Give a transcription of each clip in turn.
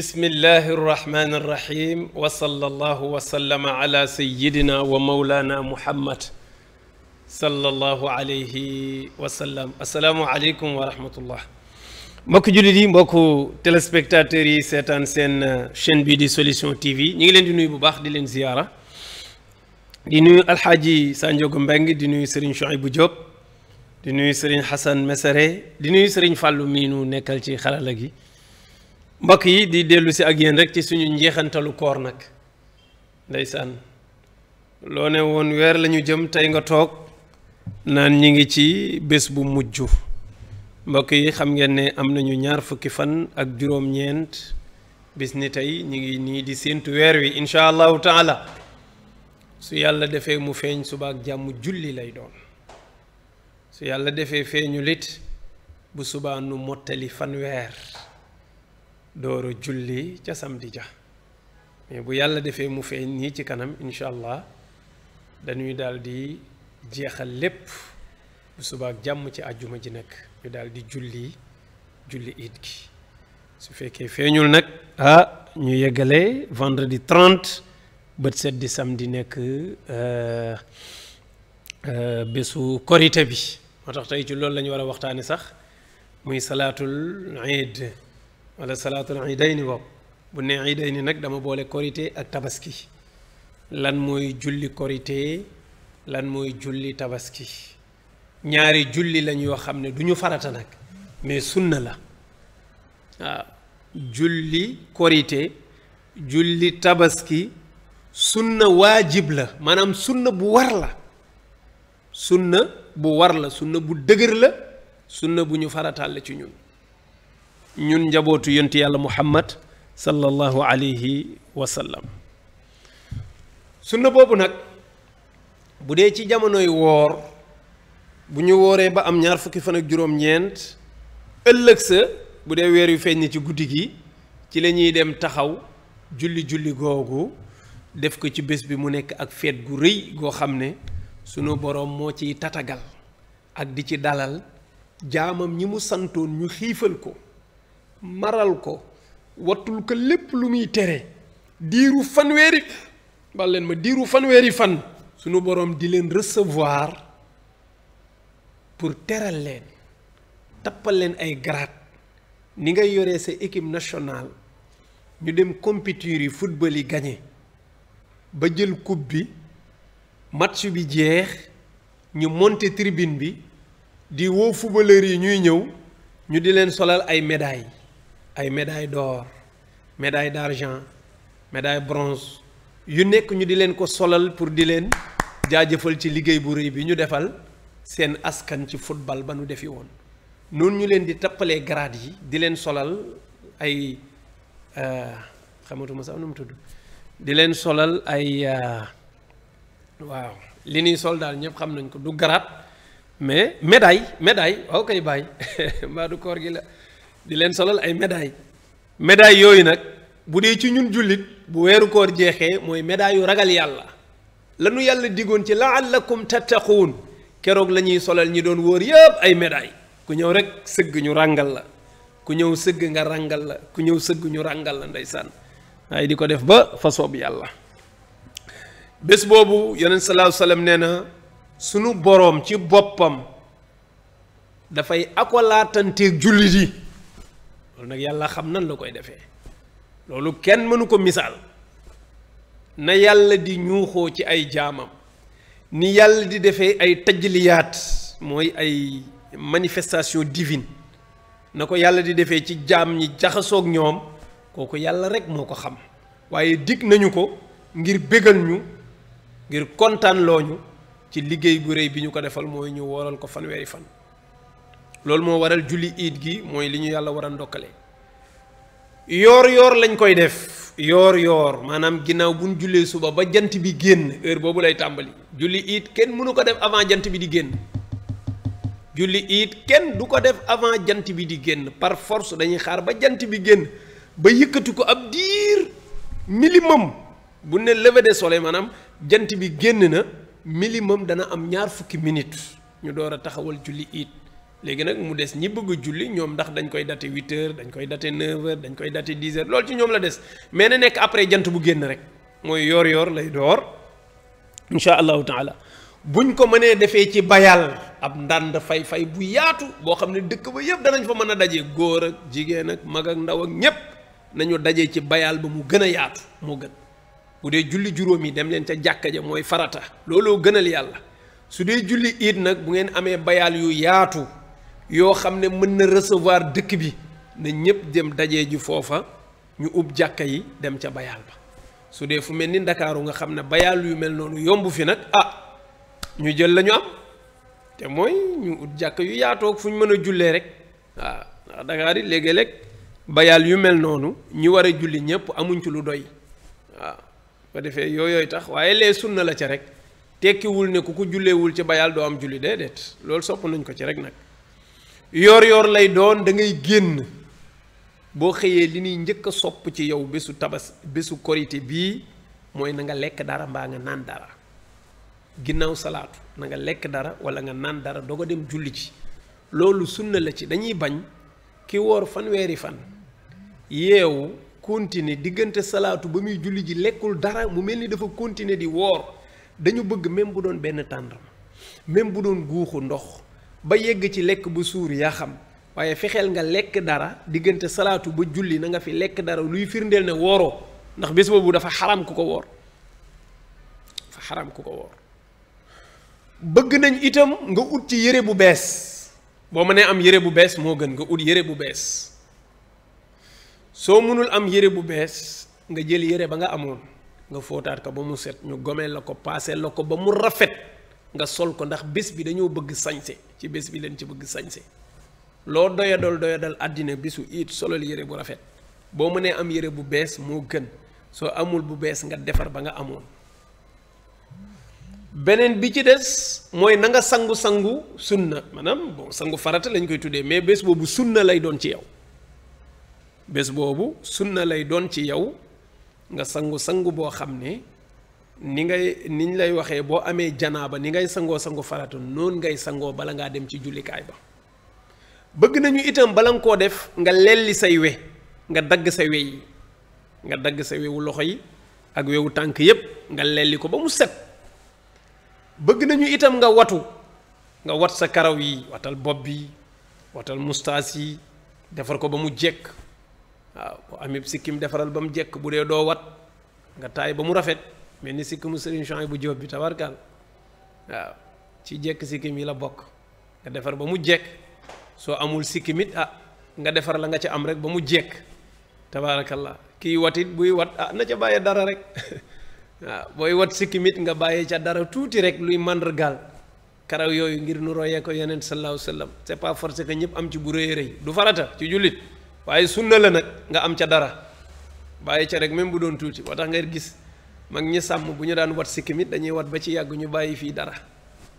bismillahi irrahmani irrahim wa sallallahu wa sallama ala sayidina wa maulana muhammad sallallahu alayhi wa sallam asalaamu wa rahmatullah mbokk jullit yi mbokku téléspectateurs yi seetaan seen chaîne bi di solution tv ñu ngi leen di nuyu bu baax di leen ziyaara di nuyu alxaaji Sanjogu Mbeng di nuyu sëriñ Chouaïbou Diop di nuyu sëriñ Xasan Mesere di nuy sëriñ Fàllu mii nu nekkal ci xarala gi mbokk yi di dellu si ak yéen rek ci suñu njeexantalu koor nag ndeysaan loo ne woon weer lañu jëm tey nga toog naan ñi ngi ci bés bu mujj mbokk yi xam ngeen ne am nañu ñaar fukki fan ak juróom-ñeent bis ni tey ñi ngi nii di séentu weer wi incha allahu taala su yàlla defee mu feeñ subaak jàmm julli lay doon su yàlla defee feeñu lit bu subaa nu mottali fan weer door a julli ca samedi ja mais bu yàlla defee mu feeñ nii ci kanam incha allah dañuy daal di jeexal lépp bu subaak jàmm ci àjjuma ji nekk ñu daal di julli julli iid gi su fekkee feeñul nag ah ñu yeggale vendredi 30 bët set di samedi nekk euh, euh, bésu korite bi moo tax tey ju loolu lañu ñu war a waxtaane sax muy salaatul iid wala salaatul idayni bopp bu ne idayni nag dama boole korité ak tabaski lan mooy julli korité lan mooy julli tabaski ñaari julli lañ yoo xam ne du ñu farata nag mais sunna la waaw julli korité julli tabaski sunna waajib la maanaam sunna bu war la sunna bu war la sunna bu dëgër la sunna bu ñu farataal la ci ñun ñun njabootu yonti yàlla muhammad sallallahu alayhi wa sallam sunna boobu nag bu dee ci jamonoy woor bu ñu wooree ba am ñaar fukki fan ak juróom-ñeent ëllëg sa bu dee weer yu feeñ ni ci guddi gi ci lañuy dem taxaw julli julli googu def ko ci bés bi mu nekk ak feet gu rëy goo xam ne sunu boroom moo ciy tatagal ak di ci dalal jaamam ñi mu santoon ñu xiifal ko maral ko wattul ko lépp lu muy tere diiru fanweeri ma diiru fanweeri fan sunu boroom di leen resevoir pour teral leen tappal leen ay grade ni ngay yore sa équipe nationale ñu dem compétition yi football yi gagné ba jël coupe bi match bi jeex ñu monter tribune bi di woo footballeur yi ñuy ñëw ñu di leen solal ay médailles ay médaille d'or médaille d'argent médaille bronze yu nekk ñu di leen ko solal pour di leen jaajëfal ci liggéey bu rëy bi ñu defal seen askan ci football ba nu defi woon noonu ñu leen di tappalee grade yi di leen solal ay euh, xamatuma sax nu mu tudd di leen solal ay euh, waaw li ñuy sol daal ñëpp xam nañ ko du grade mais médaille médaille waaw kay bàyyi mbaa du koor gi la di leen solal ay médailles médailles yooyu nag bu dee ci ñun jullit bu weeru koor jeexee mooy médaille yu ragal yàlla lanu yàlla digoon ci la laallakum tattaquun keroog la ñuy solal ñi doon wóor yëpp ay médailles ku ñëw rekk sëgg ñu ràngal la ku ñëw sëgg nga ràngal la ku ñëw sëgg ñu ràngal la ndeysaan waaye di ko def ba fa soob yàlla bés boobu yonent sallallahu alayhi wasallam nee na sunu boroom ci boppam dafay akolaatanteeg jullit yi loolu nag yàlla xam nan la koy defee loolu kenn mënu ko misaal na yàlla di ñuuxoo ci ay jaamam ni yàlla di defee ay tajaliyaat mooy ay manifestation divine na ko yàlla di defee ci jaam ñi jaxasoog ñoom kooku yàlla rek moo ko xam waaye dig nañu ko ngir bégal ñu ngir kontaan looñu ci liggéey bu rëy bi ñu ko defal mooy ñu wooral ko fanweeri fan loolu moo waral julli iid gi mooy li ñu yàlla war a ndokkale yoor yoor lañ koy def yoor yoor maanaam ginnaaw bu ñu jullee suba ba jant bi génn heure boobu lay tàmbali julli it kenn mënu ko def avant jant bi di génn julli it kenn du ko def avant jant bi di génn par force dañuy xaar ba jant bi génn ba yëkkati ko ab diir minimum bu ne lever de soleil maanaam jant bi génn na minimum dana am ñaar fukki minutes ñu door a taxawal julli it léegi nag mu des ñi bëgg julli ñoom ndax dañ koy date huit dañ koy date neuf dañ koy date dix heures loolu ci ñoom la des mais na nekk après jant bu génn rek mooy yoor yoor lay door incha allahu taala buñ ko mënee defee ci bayal ab ndànd fay-fay bu yaatu boo xam ne dëkk ba yëpp danañ fa mën a daje góor ak jigéen ak mag ak ndaw ak ñépp nañu daje ci bayal ba mu gën a yaatu moo gën bu dee julli juróom yi dem leen ca jàkka ja mooy farata looloo gënal yàlla su dee julli iid nag bu ngeen amee bayal yu yaatu yoo xam ne mën na recevoir dëkk bi na ñëpp dem daje ji foofa ñu ub jàkka yi dem ca bayaal ba su dee fu mel ni ndakaaru nga xam ne bayaal yu mel noonu yomb fi nag ah ñu jël la am te mooy ñu ut jàkka yu yaatoo fu ñu mën a jullee rek waaw ndax Dakar yi léegi-léeg bayaal yu mel noonu ñi war a julli ñëpp amuñ ci lu doy waaw ba defee yooyooy tax waaye lee sunna la ca rek tekkiwul ne ku ko julleewul ci bayaal doo am julli déedéet loolu sopp nañ ko ci rek nag yoor-yoor lay doon dangay génn boo xëyee li ñuy njëkk a sopp ci yow bésu tabas bésu korité bii mooy na nga lekk dara mbaa nga naan dara ginnaaw salaatu na nga lekk dara wala nga naan dara doog a dem julli ci loolu sunna la ci dañuy bañ ki woor fanweeri fan yeewu continuer diggante salaatu ba muy julli ji lekkul dara mu mel ni dafa continuer di woor dañu bëgg même bu doon benn tàndaram même bu doon guuxu ndox ba yegg ci lekk bu suur yaa xam waaye fexeel nga lekk dara diggante salaatu ba julli na nga fi lekk dara luy firndeel ne wooroo ndax bés boobu dafa xaram ku ko woor xaram ko woor bëgg nañ itam nga ut ci yére bu bees boo mënee am yére bu bees moo gën nga ut yére bu bees soo mënul am yére bu bees nga jël yére ba nga amoon nga footaat ko ba mu set ñu gomeel la ko paaseel la ko ba mu rafet nga sol ko ndax bés bi dañoo bëgg sañse ci bés bi leen ci bëgg sañse loo doyadal doyadal àddina bésu it solal yére bu rafet boo mënee am yére bu bees moo gën soo amul bu bees nga defar ba nga amoon beneen bi ci des mooy na nga sangu-sangu sunna maanaam bon sangu farata lañ koy tuddee mais bés boobu sunna lay doon ci yow bés boobu sunna lay doon ci yow nga sangu-sangu boo xam ne ni ngay niñ lay waxee boo amee janaa ba ni ngay sangoo sangu farata noonu ngay sangoo bala ngaa dem ci jullikaay ba bëgg nañu itam bala nga koo def nga lelli say we nga dagg sa we yi nga dagg sa wewu loxo yi ak wewu tànk yépp nga lelli ko ba mu set bëgg nañu itam nga watu nga wat sa karaw yi watal bopp bi watal mustaas yi defar ko ba mu jekk waaw boo amee sikkim defaral ba mu jekk bu dee doo wat nga taay ba mu rafet mel ni sikki mu sëriñ Chouaïb bu Jóob bi tabarkaal waaw ci jekk sikkim yi la bokk nga defar ba mu jekk soo amul sikkimit ah nga defar la nga ca am rek ba mu jekk tabaarakallah kii watit buy wat ah na ca bàyyee dara rek waaw booy wat sikkimit nga bàyyee ca dara tuuti rek luy màndargaal karaw yooyu ngir nu royee ko yeneen sallallahu sallam c'est pas forcé que ñëpp am ci bu rëy rëy du farata ci jullit waaye sunna la nag nga am ca dara bàyyi ca rek même bu doon tuuti moo tax ngay gis mag ñi sàmm bu ñu daan wat sikkim it dañuy wat ba ci yàgg ñu bàyyi fii dara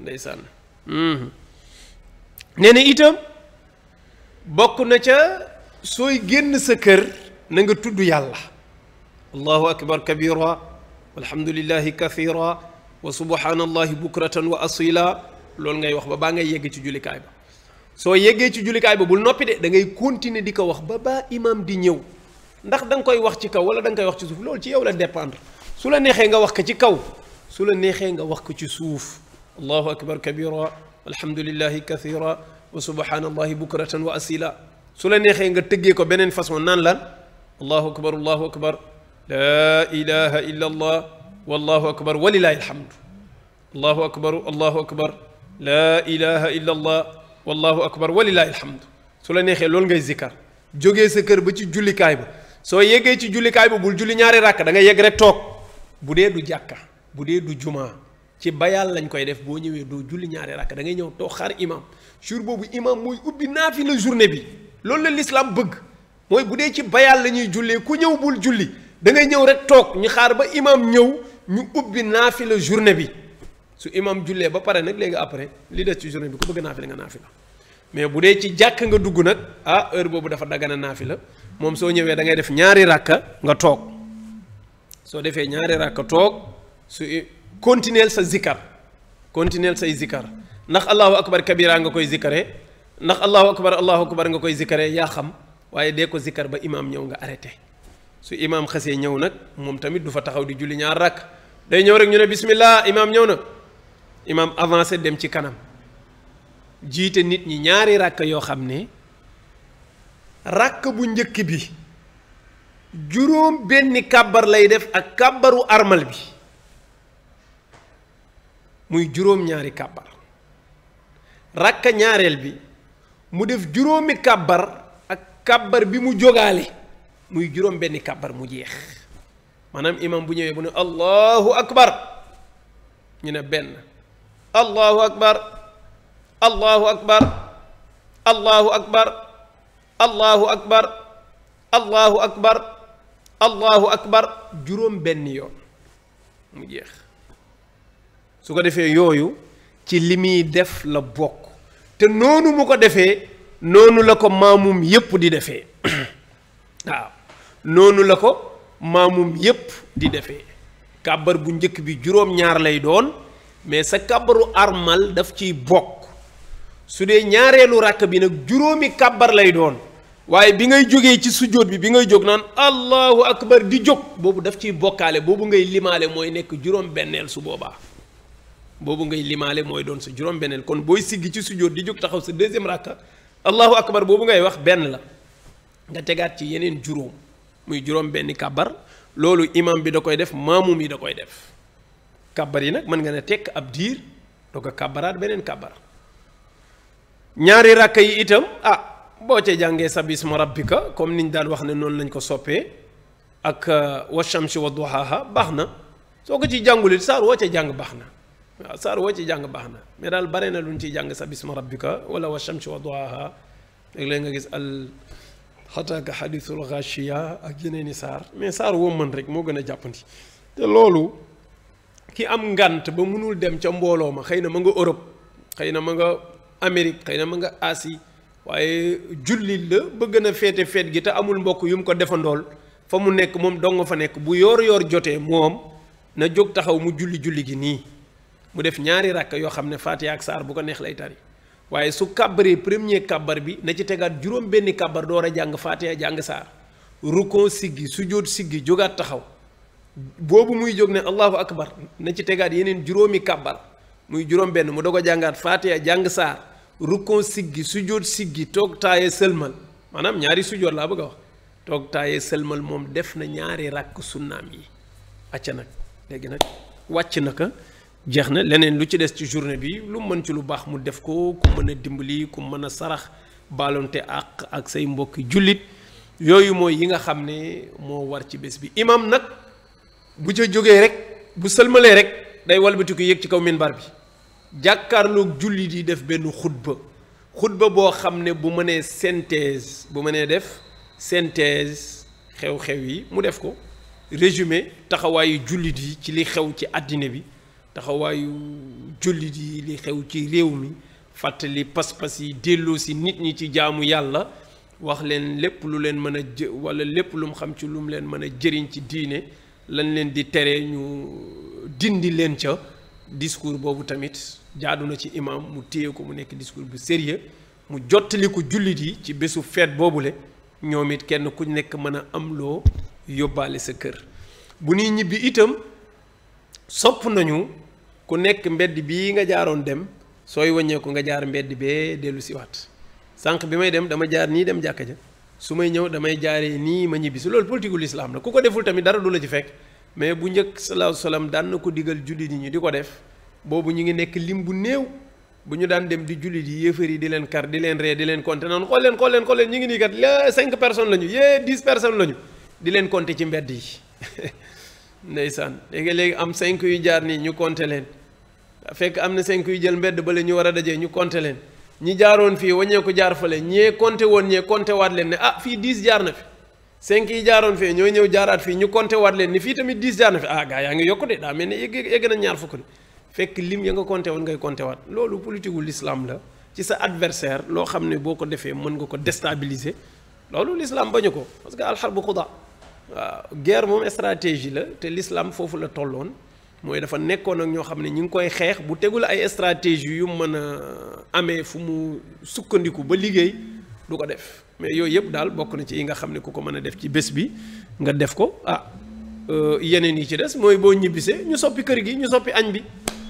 ndeysaan mhm. nee na itam bokk na ca sooy génn sa kër na nga tudd yàlla allahu akbar kabira walhamdulillahi kathira wa subhanallahi bukratan wa asila loolu ngay wax ba baa ngay yegg ci jullikaay ba soo yeggee ci jullikaay ba bul noppi de da ngay continuer di ko wax ba baa imam di ñëw ndax da koy wax ci kaw wala da nga koy wax ci suuf loolu ci yow la dépendre su la neexee nga wax ko ci kaw su la neexee nga wax ko ci suuf allahu akbar kabira alhamdulillahi kathira wa subhanallahi bukratan wa asila su la neexee nga tëggee ko beneen façon naan lan allahu akbar allahu akbar laa ilaha illa allah wallahu akbar walilahi alhamdu allahu akbar allahu akbar laa ilaha illa allah wallahu akbar walilahi alhamdu su la neexee loolu ngay zikkar jógee sa kër ba ci jullikaay ba soo yeggee ci jullikaay ba bul julli ñaari ràkk da nga yegg rek toog bu dee du jàkka bu dee du jumaa ci bayal lañ koy def boo ñëwee doo julli ñaari rakk da ngay ñëw toog xaar imam jour boobu imam mooy ubbi naafi la journée bi loolu la l'islam bëgg mooy bu dee ci bayal la ñuy jullee ku ñëw bul julli da ngay ñëw rek toog ñu xaar ba imam ñëw ñu ubbi naafi la journée bi su imam jullee ba pare nag léegi après li des ci journée bi ku bëgg naafi la nga naafi la mais bu dee ci jàkk nga dugg nag ah heure boobu dafa daggana naafi la moom soo ñëwee da ngay def ñaari rakka nga toog soo defee ñaari ràkk toog su continuer sa zikkar continuer say zikkar ndax allahu akbar kabira nga koy zikkare ndax allahu akbar allahu akbar nga koy zikkare yaa xam waaye dee ko zikkar ba imaam ñëw nga arrêté su imaam xasee ñëw nag moom tamit du fa taxaw di julli ñaar ràkk day ñëw rek ñu ne bismillah imaam ñëw na imaam avancé dem ci kanam jiite nit ñi ñaari rakk yoo xam ne rakk bu njëkk bi juróom benni kàbbar lay def ak kàbbaru armal bi muy juróom ñaari kàbbar rakka ñaareel bi mu def juróomi kàbbar ak kabar bi mu jógaale muy juróom benni kàbbar mu jeex maanaam imam bu ñëwee mu ne allahu akbar ñu ne benn allahu akbar allahu akbar allahu akbar allahu akbar allahu akbar allahu akbar juróom benn yoon mu jeex su ko defee yooyu ci li muy def la bokk te noonu mu ko defee noonu la ko maamum yépp di defee waaw la ko maamum yépp di defee kàbbar bu njëkk bi juróom-ñaar lay doon mais sa kàbbaru armal daf ciy bokk su dee ñaareelu ràkk bi nag juróomi kàbbar lay doon waaye bi ngay jógee ci sujjóot bi bi ngay jóg naan allahu akbar di jóg boobu daf ciy bokkaale boobu ngay limaale mooy nekk juróom-benneel su boobaa boobu ngay limaale mooy doon sa juróom-benneel kon booy siggi ci sujjóot di jóg taxaw sa deuxième rakka allahu akbar boobu ngay wax benn la nga tegaat ci yeneen juróom muy juróom-benni kàbbar loolu imam bi da koy def maamum yi da koy def kàbbar yi nag mën nga ne tekk ab diir doo ko kàbbaraat beneen kàbbar ñaari rakka yi itam ah, boo ca jàngee sa bisma rabbika comme niñ daan wax ne noonu lañ ko soppee ak euh, wa shamsi wa baax na soo ko ciy jàngulit saar woo ca jàng baax na waaw saar woo ci jàng baax na mais daal bare na lu luñ ciy jàng sa bisma rabbika wala wa shamsi wa duhaaha léeg nga gis al xataaka xadiisul xaashiya ak yeneeni saar mais saar woo mën rek moo gën a jàppandi te loolu ki am ngànt ba mënul dem ca mbooloo ma xëy na ma nga Europe xëy na ma nga Amérique xëy na ma nga Asie waaye jullit la bëgg na feete feet gi te amul mbokk yu mu ko defandool fa mu nekk moom ma fa nekk bu yoor yoor jotee moom na jóg taxaw mu julli julli gi nii mu def ñaari rakk yoo xam ne Fatiha ak saar bu ko neex lay tari waaye su kàbbaree premier kàbbar bi na ci tegaat juróom benni kàbbar door a jàng Fatiha jàng saar rukon siggi sujjóot siggi jógaat taxaw boobu muy jóg ne allahu akbar na ci tegaat yeneen juróomi kàbbar muy juróom benn mu doog jàngaat Fatiha jàng saar rukkon siggi sujjóot siggi toog taaye sëlmal maanaam ñaari sujjóot laa bëgg wax toog taaye sëlmal moom def na ñaari ràkk sunnaam yi acca nag léegi nag wàcc na ko jeex na leneen lu ci des ci journée bi lu mën ci lu baax mu def ko ku mën a dimbali ku mën a sarax balonte àq ak say mbokki jullit yooyu mooy yi nga xam ne moo war ci bés bi imam nag bu ca jógee rek bu sëlmalee rek day walbatiku yéeg ci kaw minbar bi jàkkaarlook jullit yi def benn xutba xutba boo xam ne bu mënee synthèse bu mënee def synthèse xew-xew yi mu def ko résumé taxawaayu jullit yi ci li xew ci àddina bi taxawaayu jullit yi li xew ci réew mi fàttali pas-pas yi delloo si nit ñi ci jaamu yàlla wax leen lépp lu leen mën a jë wala lépp lu mu xam ci lu mu leen mën a jëriñ ci diine lañ leen di tere ñu dindi leen ca discours boobu tamit jaadu na ci imam mu téye ko mu nekk discours bu sérieux mu jottali ko jullit yi ci bésu feet boobu le ñoom it kenn ku nekk mën a am loo yóbbaale sa kër bu nuy ñibbi itam sopp nañu ku nekk mbedd bii nga jaaroon dem sooy wàññeeku nga jaar mbedd bee dellu si sanq bi may dem dama jaar nii dem jàkka ja su may ñëw damay jaaree nii ma ñibbi si loolu politique ul islaam la ku ko deful tamit dara du la ci fekk mais bu njëkk salaahu salaam daan na ko digal julli yi ñu di ko def boobu ñu ngi nekk lim bu néew bu ñu daan dem di jullit yi yéefar yi di leen kar di leen ree di leen compter noonu xool leen xool leen xool leen ñu ngi nii kat la cinq personnes leen compter ci mbedd yi ndeysaan léegi-léegi am cinq yu jaar nii ñu compter leen fekk am na cinq yu jël mbedd bale ñu war a dajee ñu conte leen ñi jaaroon fii waññeeku jaar fale ñee compter woon ñee compter waat leen ne ah fii dix jaar na fi cinq yi jaaroon fii ñoo ñëw jaaraat fii ñu conte waat leen ni fii tamit dix jaar na fi ah gaa yaa ngi yokku de daa mel ni yegg yegg na ñaar fukk de fekk lim ya nga compté woon ngay compté waat loolu politique wu l'islam la ci sa adversaire loo xam ne boo ko defee mën nga ko déstabiliser loolu l'islam bañu ko parce que alxar bu xuda waaw guerre moom stratégie la te l'islam foofu la tolloon mooy dafa nekkoon ak ñoo xam ne ñu ngi koy xeex bu tegul ay stratégie yu mën a amee fu mu sukkandiku ba liggéey du ko def mais yooyu yëpp daal bokk na ci yi nga xam ne ku ko mën a def ci bés bi nga def ko ah euh, yeneen yi ci des mooy boo ñibbisee ñu soppi kër gi ñu soppi añ bi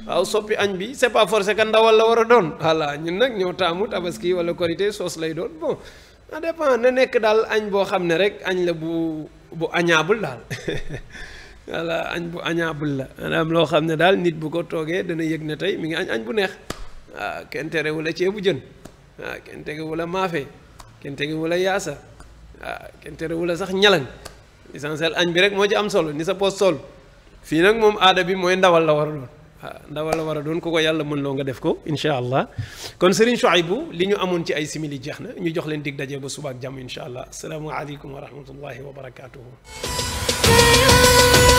waaw soppi añ bi c'est pas forcé que ndawal la war a doon voilà ñun nag ñoo taamu tabaski wala korité soos lay doon bon ça dépend na nekk daal añ boo xam ne rek añ la bu bu añaabul daal añ bu añaabul la loo xam ne daal nit bu ko toogee dana yëg ne tey mi ngi añ añ bu neex waaw ah, kenn terewul a ceebu jën waaw ah, kenn tegewul a maafe kenn tegewul a yaasa waaw ah, kenn terewul a sax ñalañ l'essentiel añ bi rek moo ci am solo ni sa poos sol fii nag moom aada bi mooy ndawal la war a doon Ah, ndawal la war a doon ku ko yàlla mën loo nga def ko incha allah kon Serigne Chouaïbou li ñu amoon ci ay simili jeex na ñu jox leen dig daje ba suba ak jàmm incha allah asalaamaaleykum wa rahmatullahi wa barakaatuhu.